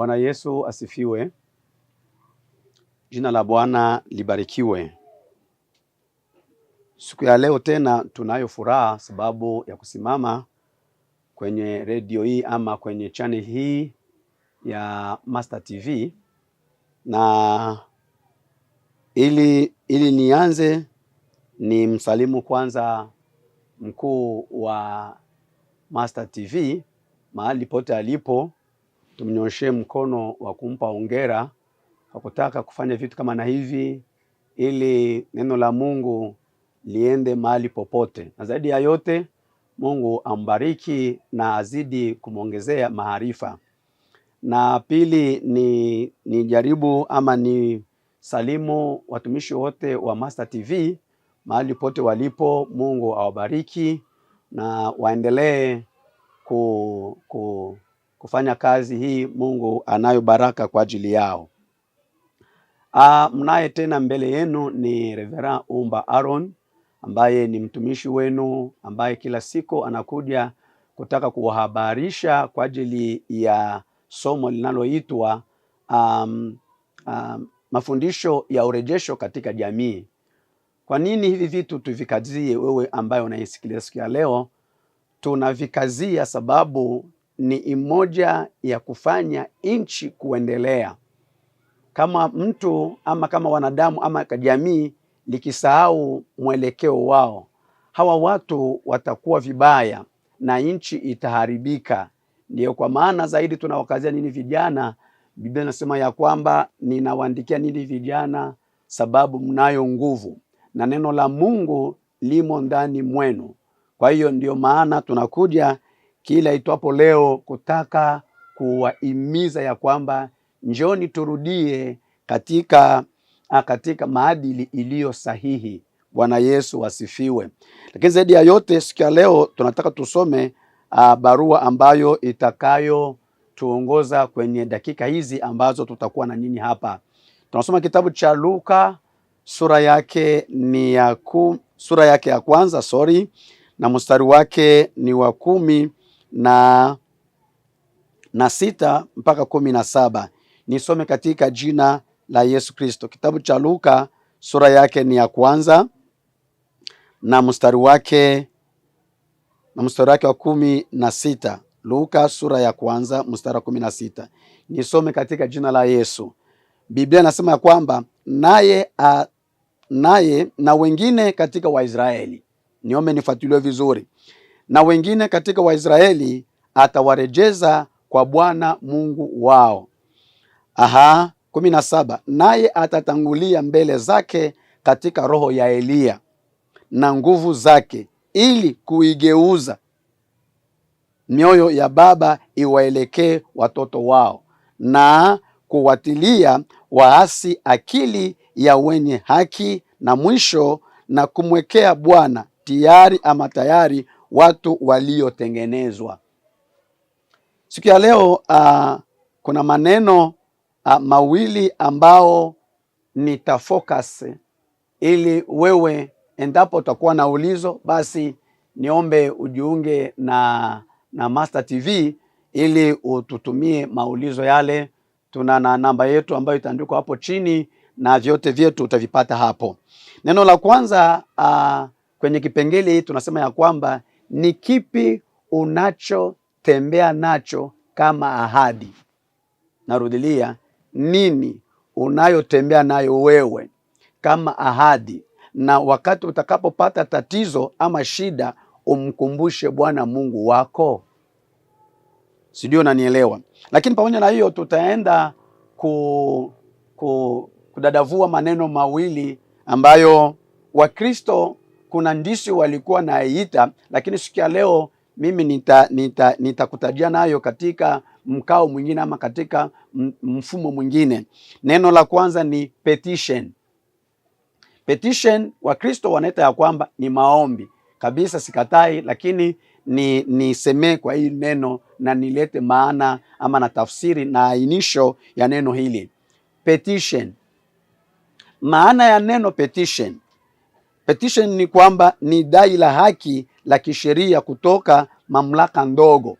Bwana Yesu asifiwe. Jina la Bwana libarikiwe. Siku ya leo tena tunayo furaha sababu ya kusimama kwenye redio hii ama kwenye channel hii ya Master TV, na ili ili nianze ni msalimu kwanza mkuu wa Master TV mahali pote alipo tumnyoshee mkono wa kumpa hongera kwa kutaka kufanya vitu kama na hivi ili neno la Mungu liende mahali popote, na zaidi ya yote Mungu ambariki na azidi kumwongezea maarifa. Na pili ni, ni jaribu ama ni salimu watumishi wote wa Master TV mahali pote walipo. Mungu awabariki na waendelee ku, ku kufanya kazi hii, Mungu anayo baraka kwa ajili yao. Ah, mnaye tena mbele yenu ni Reverend Umba Aaron ambaye ni mtumishi wenu ambaye kila siku anakuja kutaka kuwahabarisha kwa ajili ya somo linaloitwa um, um, mafundisho ya urejesho katika jamii. Kwa nini hivi vitu tuvikazie? Wewe ambaye unaisikiliza siku ya leo, tunavikazia sababu ni imoja ya kufanya nchi kuendelea. Kama mtu ama kama wanadamu ama jamii likisahau mwelekeo wao, hawa watu watakuwa vibaya na nchi itaharibika. Ndiyo kwa maana zaidi tunawakazia nini vijana. Biblia inasema ya kwamba ninawaandikia nini vijana, sababu mnayo nguvu na neno la Mungu limo ndani mwenu. Kwa hiyo ndiyo maana tunakuja kila itwapo leo kutaka kuwahimiza ya kwamba njoni turudie katika, ah, katika maadili iliyo sahihi. Bwana Yesu wasifiwe Lakini zaidi ya yote siku ya leo tunataka tusome a, ah, barua ambayo itakayotuongoza kwenye dakika hizi ambazo tutakuwa na nini hapa. Tunasoma kitabu cha Luka sura yake ni ya ku, sura yake ya kwanza sorry, na mstari wake ni wa kumi na, na sita mpaka kumi na saba. Nisome katika jina la Yesu Kristo, kitabu cha Luka sura yake ni ya kwanza na mstari wake na mstari wake wa kumi na sita. Luka sura ya kwanza mstari wa kumi na sita. Nisome katika jina la Yesu. Biblia inasema ya kwamba naye naye na wengine katika Waisraeli, niombe nifuatiliwe vizuri na wengine katika Waisraeli atawarejeza kwa Bwana Mungu wao. Aha, kumi na saba. Naye atatangulia mbele zake katika roho ya Eliya na nguvu zake, ili kuigeuza mioyo ya baba iwaelekee watoto wao na kuwatilia waasi akili ya wenye haki, na mwisho na kumwekea Bwana tayari ama tayari watu waliotengenezwa. Siku ya leo uh, kuna maneno uh, mawili ambao nitafocus ili wewe endapo utakuwa na ulizo basi niombe ujiunge na, na Master TV ili ututumie maulizo yale. Tuna na namba yetu ambayo itaandikwa hapo chini na vyote vyetu utavipata hapo. Neno la kwanza uh, kwenye kipengele hii tunasema ya kwamba ni kipi unachotembea nacho kama ahadi? Narudilia, nini unayotembea nayo wewe kama ahadi? Na wakati utakapopata tatizo ama shida, umkumbushe Bwana Mungu wako. Sijui unanielewa. Lakini pamoja na hiyo, tutaenda ku, ku, kudadavua maneno mawili ambayo Wakristo kuna ndisi walikuwa naiita, lakini siku ya leo mimi nitakutajia nita, nita nayo katika mkao mwingine ama katika mfumo mwingine. Neno la kwanza ni petition. Petition Wakristo wanaita ya kwamba ni maombi kabisa, sikatai, lakini ni nisemee kwa hii neno na nilete maana ama na tafsiri na ainisho ya neno hili petition. Maana ya neno petition Petition ni kwamba ni dai la haki la kisheria kutoka mamlaka ndogo,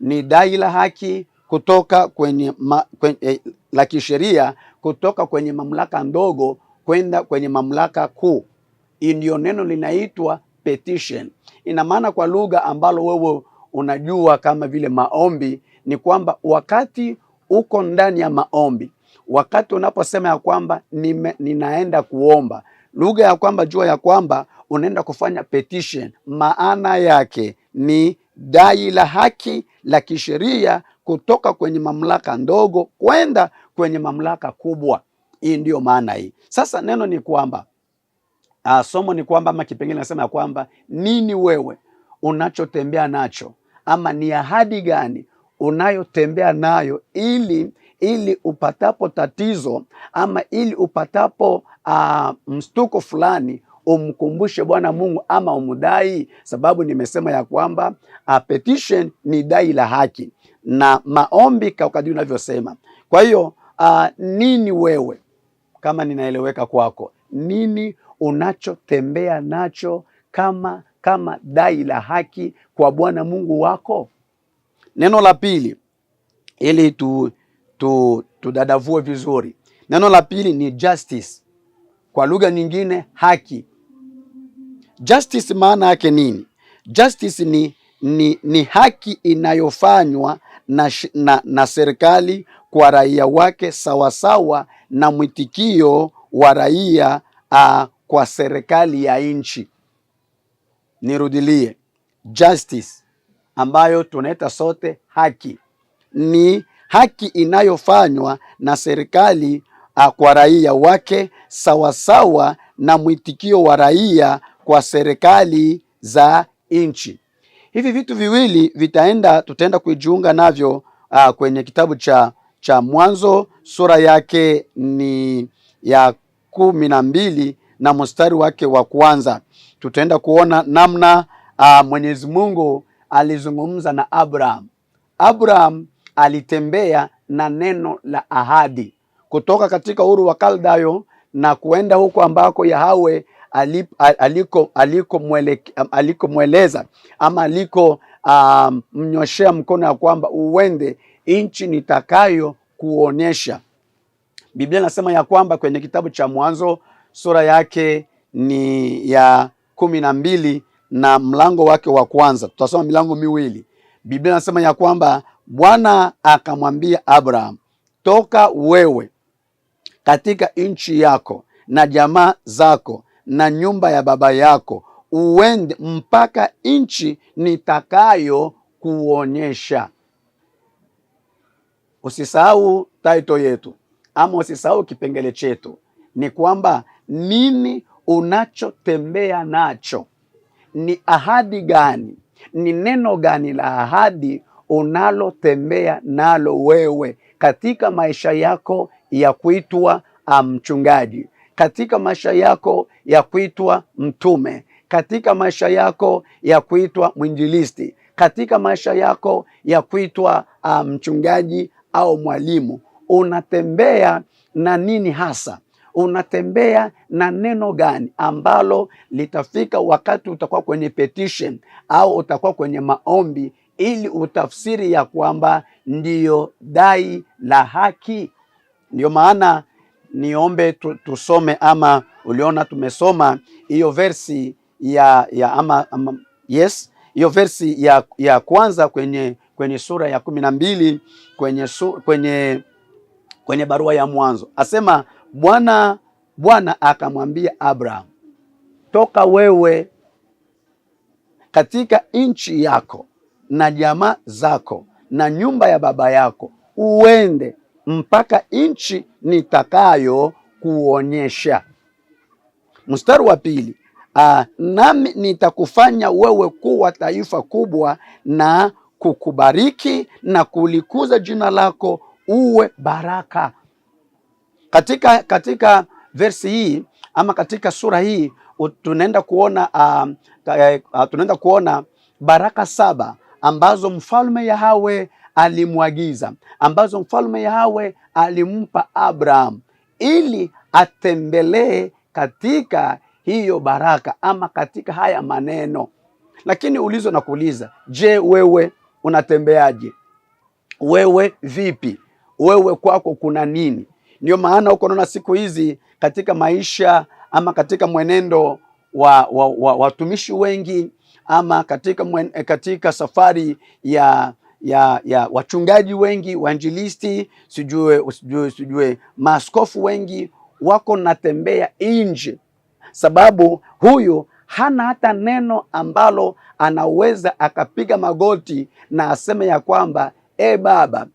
ni dai la haki kutoka kwenye, ma, kwenye eh, la kisheria kutoka kwenye mamlaka ndogo kwenda kwenye mamlaka kuu. Hii ndiyo neno linaitwa petition. Ina maana kwa lugha ambalo wewe unajua kama vile maombi, ni kwamba wakati uko ndani ya maombi, wakati unaposema ya kwamba nime, ninaenda kuomba lugha ya kwamba jua ya kwamba unaenda kufanya petition, maana yake ni dai la haki la kisheria kutoka kwenye mamlaka ndogo kwenda kwenye mamlaka kubwa. Hii ndiyo maana hii. Sasa neno ni kwamba uh, somo ni kwamba ama kipengele nasema ya kwamba nini wewe unachotembea nacho ama ni ahadi gani unayotembea nayo ili ili upatapo tatizo ama ili upatapo uh, ah, mstuko fulani umkumbushe Bwana Mungu ama umudai sababu nimesema ya kwamba a ah, petition ni dai la haki na maombi kwa unavyosema. Kwa hiyo ah, nini wewe, kama ninaeleweka kwako, nini unachotembea nacho kama kama dai la haki kwa Bwana Mungu wako? Neno la pili ili tu tu, tudadavue vizuri. Neno la pili ni justice, kwa lugha nyingine haki. Justice maana yake nini? Justice ni, ni, ni haki inayofanywa na, na, na serikali kwa raia wake sawasawa na mwitikio wa raia a, kwa serikali ya nchi. Nirudilie, justice ambayo tunaita sote haki ni haki inayofanywa na serikali ah, kwa raia wake sawasawa na mwitikio wa raia kwa serikali za nchi. Hivi vitu viwili vitaenda, tutaenda kujiunga navyo a, ah, kwenye kitabu cha, cha Mwanzo sura yake ni ya kumi na mbili na mstari wake wa kwanza. Tutaenda kuona namna ah, Mwenyezi Mungu alizungumza na Abraham. Abraham alitembea na neno la ahadi kutoka katika Uru wa Kaldayo na kuenda huko ambako Yahawe alikomweleza aliko aliko ama alikomnyoshea um, mkono ya kwamba uende nchi nitakayo kuonyesha. Biblia inasema ya kwamba kwenye kitabu cha Mwanzo sura yake ni ya kumi na mbili na mlango wake wa kwanza, tutasoma milango miwili. Biblia inasema ya kwamba Bwana akamwambia Abraham, toka wewe katika nchi yako na jamaa zako na nyumba ya baba yako, uende mpaka nchi nitakayo kuonyesha. Usisahau taito yetu ama usisahau kipengele chetu, ni kwamba nini unachotembea nacho, ni ahadi gani, ni neno gani la ahadi unalotembea nalo wewe katika maisha yako ya kuitwa ah, mchungaji, katika maisha yako ya kuitwa mtume, katika maisha yako ya kuitwa mwinjilisti, katika maisha yako ya kuitwa ah, mchungaji au mwalimu, unatembea na nini hasa? Unatembea na neno gani ambalo litafika wakati utakuwa kwenye petition au utakuwa kwenye maombi ili utafsiri ya kwamba ndiyo dai la haki. Ndiyo maana niombe tu, tusome ama uliona tumesoma hiyo versi ya, ya ama, ama, yes hiyo versi ya, ya kwanza kwenye kwenye sura ya kumi na mbili kwenye, kwenye, kwenye barua ya mwanzo asema Bwana Bwana akamwambia Abraham, toka wewe katika nchi yako na jamaa zako na nyumba ya baba yako, uende mpaka nchi nitakayo kuonyesha. Mstari wa pili, aa, ah, nami nitakufanya wewe kuwa taifa kubwa na kukubariki na kulikuza jina lako uwe baraka. Katika, katika versi hii ama katika sura hii tunaenda kuona, uh, tunaenda kuona baraka saba ambazo mfalme Yahwe alimwagiza, ambazo mfalme Yahwe alimpa Abraham ili atembelee katika hiyo baraka ama katika haya maneno. Lakini ulizo na kuuliza, je, wewe unatembeaje? Wewe vipi? Wewe kwako kuna nini? Ndio maana huko naona siku hizi katika maisha ama katika mwenendo wa watumishi wa, wa wengi ama katika, mwen, eh, katika safari ya ya, ya wachungaji wengi wainjilisti, sijue sijue sijue maaskofu wengi wako natembea nje, sababu huyu hana hata neno ambalo anaweza akapiga magoti na aseme ya kwamba eh, e Baba,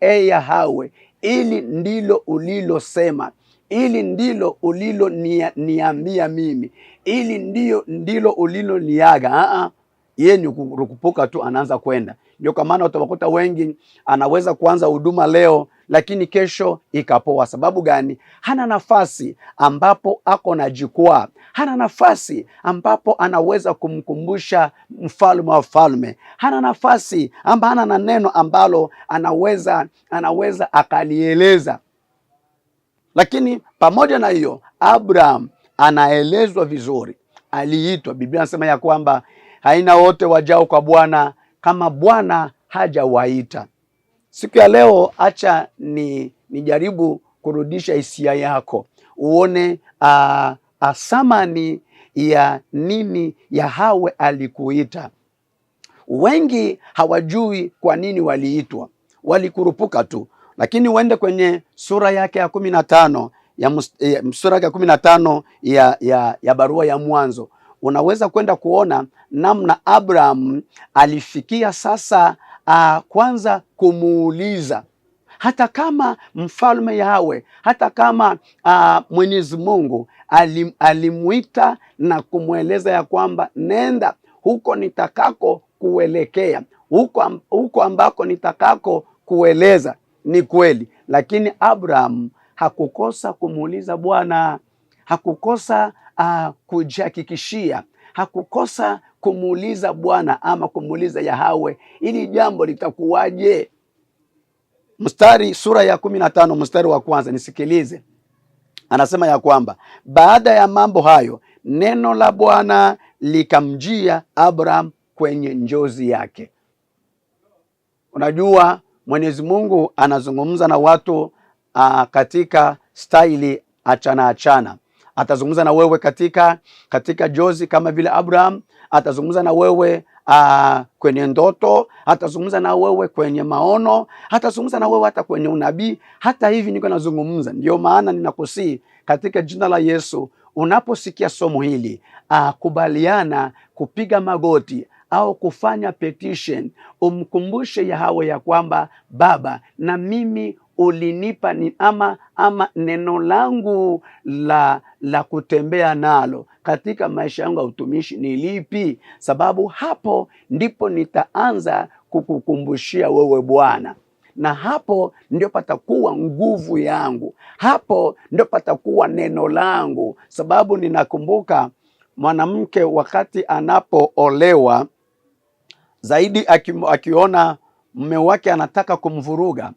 e hawe ili ndilo ulilosema ili ndilo uliloniambia mimi, ili ndio ndilo uliloniaga. Aa, ah, ah. yeye ni kurukupuka tu, anaanza kwenda. Ndio kwa maana utawakuta wengi, anaweza kuanza huduma leo lakini kesho ikapoa. Sababu gani? Hana nafasi ambapo ako na jukwaa, hana nafasi ambapo anaweza kumkumbusha mfalme wa falme, hana nafasi ambapo hana na neno ambalo anaweza anaweza akalieleza lakini pamoja na hiyo, Abraham anaelezwa vizuri, aliitwa. Biblia anasema ya kwamba haina wote wajao kwa Bwana kama Bwana hajawaita. Siku ya leo, acha ni nijaribu kurudisha hisia yako uone a, thamani ya nini ya hawe alikuita. Wengi hawajui kwa nini waliitwa, walikurupuka tu lakini uende kwenye sura yake ya kumi na tano ya eh, sura ya kumi na tano ya, ya, ya barua ya Mwanzo unaweza kwenda kuona namna Abraham alifikia sasa uh, kwanza kumuuliza hata kama mfalme Yawe, hata kama uh, Mwenyezi Mungu alim, alimwita na kumweleza ya kwamba nenda huko nitakako kuelekea huko, huko ambako nitakako kueleza ni kweli, lakini Abraham hakukosa kumuuliza Bwana, hakukosa uh, kujihakikishia, hakukosa kumuuliza Bwana ama kumuuliza Yahawe, ili jambo litakuwaje? Mstari sura ya kumi na tano mstari wa kwanza, nisikilize. Anasema ya kwamba baada ya mambo hayo neno la Bwana likamjia Abraham kwenye njozi yake. Unajua Mwenyezi Mungu anazungumza na watu a, ah, katika staili achana achana. Atazungumza na wewe katika katika jozi kama vile Abraham, atazungumza na wewe a, ah, kwenye ndoto, atazungumza na wewe kwenye maono, atazungumza na wewe hata kwenye unabii. Hata hivi niko nazungumza, ndio maana ninakusii katika jina la Yesu, unaposikia somo hili a, ah, kubaliana kupiga magoti au kufanya petition, umkumbushe Yahwe ya kwamba Baba, na mimi ulinipa ni ama ama neno langu la la kutembea nalo katika maisha yangu ya utumishi ni lipi? Sababu hapo ndipo nitaanza kukukumbushia wewe Bwana, na hapo ndio patakuwa nguvu yangu, hapo ndio patakuwa neno langu, sababu ninakumbuka mwanamke wakati anapoolewa zaidi akiona mme wake anataka kumvuruga,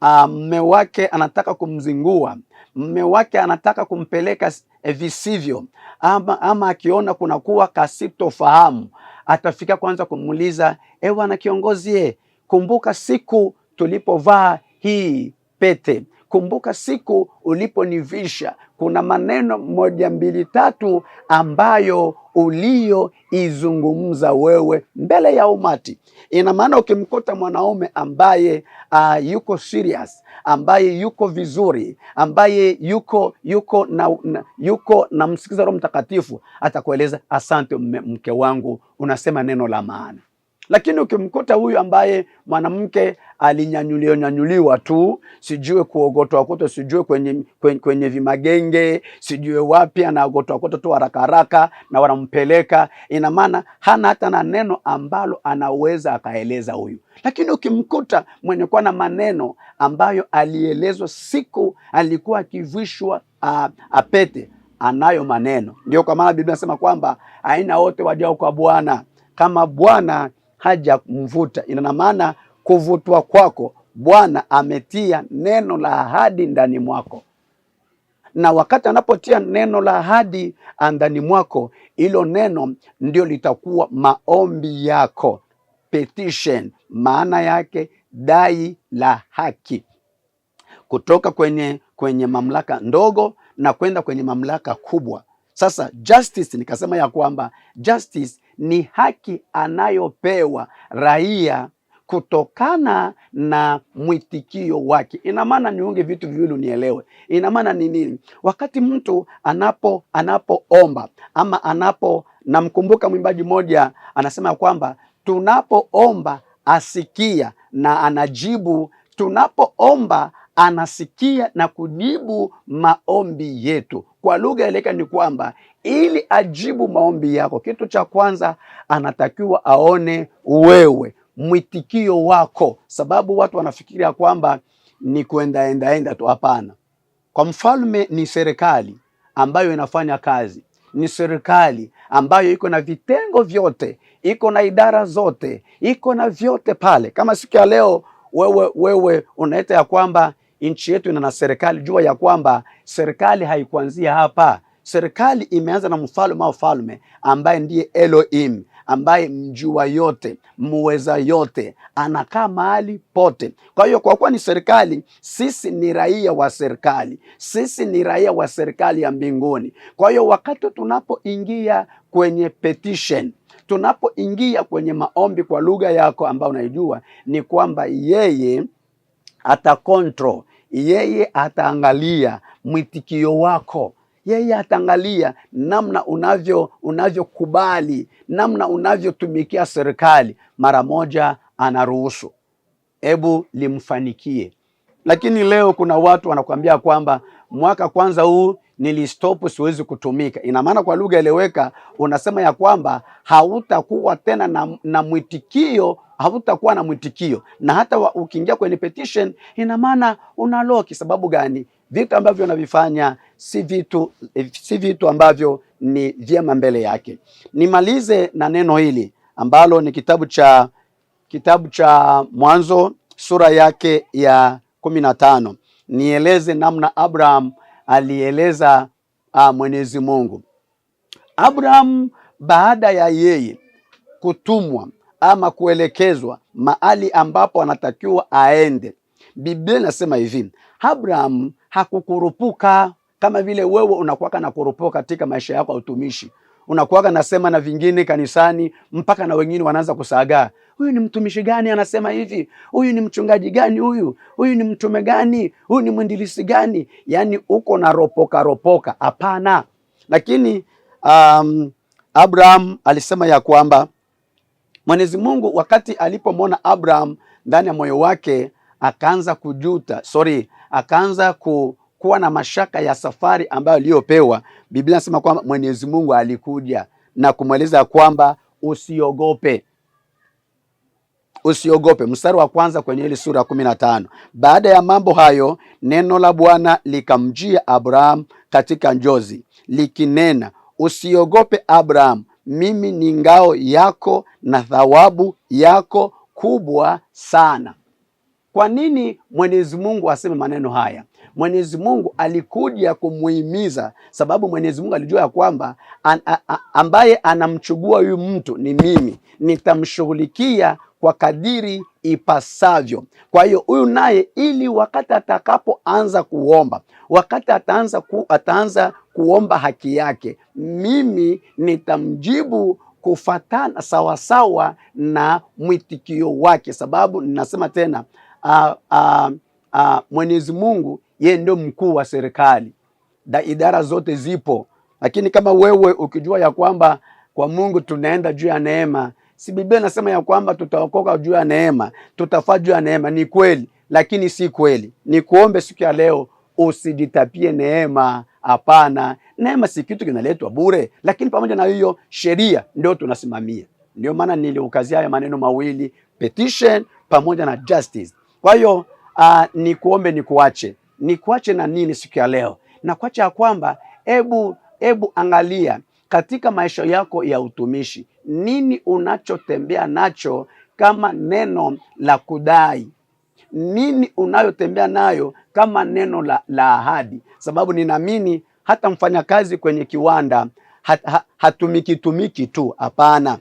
ah, mme wake anataka kumzingua, mme wake anataka kumpeleka eh, visivyo, ama, ama akiona kuna kuwa kasitofahamu, atafika kwanza kumuuliza, ewe eh, na kiongozi, eh, kumbuka siku tulipovaa hii pete Kumbuka siku uliponivisha, kuna maneno moja mbili tatu ambayo uliyoizungumza wewe mbele ya umati. Ina maana ukimkuta mwanaume ambaye uh, yuko serious, ambaye yuko vizuri, ambaye yuko yuko na, na yuko namsikiza Roho Mtakatifu, atakueleza asante, mke wangu, unasema neno la maana. Lakini ukimkuta huyu ambaye mwanamke alinyanyuliwa nyanyuliwa tu, sijue kuogotwa okotwa, sijue kwenye, kwenye, kwenye vimagenge, sijue wapi anaogotwa okotwa tu haraka haraka na wanampeleka, ina maana hana hata na neno ambalo anaweza akaeleza huyu. Lakini ukimkuta mwenye kuwa na maneno ambayo alielezwa siku alikuwa akivishwa apete, anayo maneno. Ndio kwa maana Biblia inasema kwamba aina wote wajao kwa Bwana kama Bwana haja kumvuta. Ina maana kuvutwa kwako, Bwana ametia neno la ahadi ndani mwako, na wakati anapotia neno la ahadi ndani mwako, hilo neno ndio litakuwa maombi yako, petition, maana yake dai la haki, kutoka kwenye kwenye mamlaka ndogo na kwenda kwenye mamlaka kubwa. Sasa justice, nikasema ya kwamba justice ni haki anayopewa raia kutokana na mwitikio wake. Ina maana niunge vitu viwili unielewe. Ina maana ni nini? Wakati mtu anapo anapoomba ama anapo, namkumbuka mwimbaji mmoja anasema kwamba tunapoomba asikia na anajibu, tunapoomba anasikia na kujibu maombi yetu. Kwa lugha eleka ni kwamba ili ajibu maombi yako, kitu cha kwanza anatakiwa aone wewe mwitikio wako, sababu watu wanafikiria kwamba ni kuenda enda enda tu. Hapana, kwa mfalme ni serikali ambayo inafanya kazi, ni serikali ambayo iko na vitengo vyote, iko na idara zote, iko na vyote pale. Kama siku ya leo wewe, wewe unaita ya kwamba nchi yetu ina na serikali, jua ya kwamba serikali haikuanzia hapa. Serikali imeanza na mfalme au falme ambaye ndiye Elohim, ambaye mjua yote, muweza yote, anakaa mahali pote. Kwa hiyo kwa kuwa ni serikali, sisi ni raia wa serikali, sisi ni raia wa serikali ya mbinguni. Kwa hiyo wakati tunapoingia kwenye petition tunapoingia kwenye maombi kwa lugha yako ambayo unaijua, ni kwamba yeye ata control yeye ataangalia mwitikio wako, yeye ataangalia namna unavyo unavyokubali, namna unavyotumikia serikali. Mara moja anaruhusu, hebu limfanikie. Lakini leo kuna watu wanakuambia kwamba mwaka kwanza huu nilistopu, siwezi kutumika. Ina maana kwa lugha eleweka, unasema ya kwamba hautakuwa tena na, na mwitikio hautakuwa na mwitikio, na hata ukiingia kwenye petition, ina maana unaloki. Sababu gani? Vitu ambavyo unavifanya si vitu, si vitu ambavyo ni vyema mbele yake. Nimalize na neno hili ambalo ni kitabu cha kitabu cha Mwanzo sura yake ya kumi na tano nieleze namna Abraham alieleza uh, Mwenyezi Mungu. Abraham baada ya yeye kutumwa ama kuelekezwa mahali ambapo anatakiwa aende, Biblia inasema hivi, Abraham hakukurupuka kama vile wewe unakuwa na kurupuka katika maisha yako ya utumishi unakuwaga nasema na vingine kanisani mpaka na wengine wanaanza kusagaa, huyu ni mtumishi gani anasema hivi? Huyu ni mchungaji gani? Huyu huyu ni mtume gani? Huyu ni mwindilisi gani? Yaani uko na ropoka ropoka. Hapana. Lakini um, Abraham alisema ya kwamba Mwenyezi Mungu wakati alipomwona Abraham ndani ya moyo wake akaanza kujuta, sorry, akaanza ku kuwa na mashaka ya safari ambayo aliyopewa. Biblia inasema kwamba Mwenyezi Mungu alikuja na kumweleza kwamba usiogope, usiogope. Mstari wa kwanza kwenye ile sura ya kumi na tano. Baada ya mambo hayo, neno la Bwana likamjia Abraham katika njozi likinena, usiogope Abraham, mimi ni ngao yako na thawabu yako kubwa sana. Kwa nini Mwenyezi Mungu aseme maneno haya? Mwenyezi Mungu alikuja kumuhimiza, sababu Mwenyezi Mungu alijua ya kwamba an, a, a, ambaye anamchugua huyu mtu ni mimi, nitamshughulikia kwa kadiri ipasavyo. Kwa hiyo huyu naye, ili wakati atakapoanza kuomba, wakati ataanza, ku, ataanza kuomba haki yake, mimi nitamjibu kufatana sawasawa na mwitikio wake, sababu ninasema tena, uh, uh, uh, Mwenyezi Mungu yeye ndio mkuu wa serikali na idara zote zipo, lakini kama wewe ukijua ya kwamba kwa Mungu tunaenda juu ya neema, si Biblia nasema ya kwamba tutaokoka juu ya neema, tutafaa juu ya neema? Ni kweli, lakini si kweli. Ni kuombe siku ya leo usijitapie neema. Hapana, neema si kitu kinaletwa bure, lakini pamoja na hiyo sheria ndio tunasimamia. Ndio maana niliukazia haya maneno mawili, petition pamoja na justice. Kwa hiyo uh, ah, ni kuombe ni kuache ni kuache na nini siku ya leo, na kuacha ya kwamba ebu, ebu angalia katika maisha yako ya utumishi, nini unachotembea nacho kama neno la kudai nini unayotembea nayo kama neno la, la ahadi, sababu ninaamini hata mfanyakazi kwenye kiwanda hat, hat, hatumiki tumiki tu, hapana.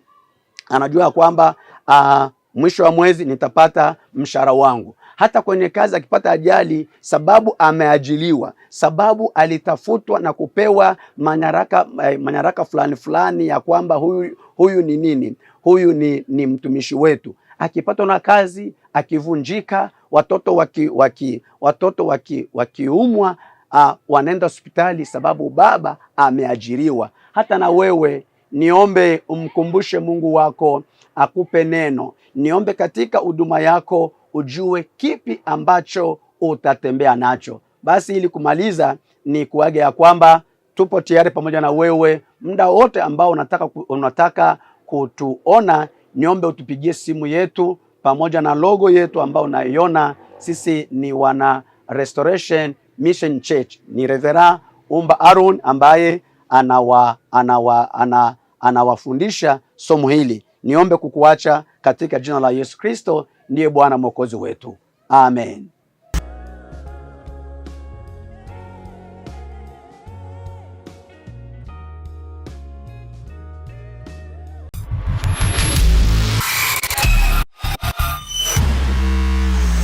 Anajua kwamba uh, mwisho wa mwezi nitapata mshahara wangu, hata kwenye kazi akipata ajali, sababu ameajiliwa, sababu alitafutwa na kupewa manyaraka, eh, manyaraka fulani fulani ya kwamba huyu, huyu ni nini, huyu ni, ni mtumishi wetu. Akipatwa na kazi, akivunjika, watoto waki, waki, watoto waki, wakiumwa, uh, wanaenda hospitali sababu baba ameajiriwa. Hata na wewe niombe umkumbushe Mungu wako akupe neno. Niombe katika huduma yako ujue kipi ambacho utatembea nacho. Basi ili kumaliza, ni kuage ya kwamba tupo tayari pamoja na wewe muda wote ambao unataka, unataka kutuona. Niombe utupigie simu yetu pamoja na logo yetu ambao unaiona. Sisi ni wana Restoration Mission Church, ni Reverend Umba Arun ambaye anawa, anawa, ana anawafundisha somo hili. Niombe kukuacha katika jina la Yesu Kristo, ndiye Bwana mwokozi wetu, amen.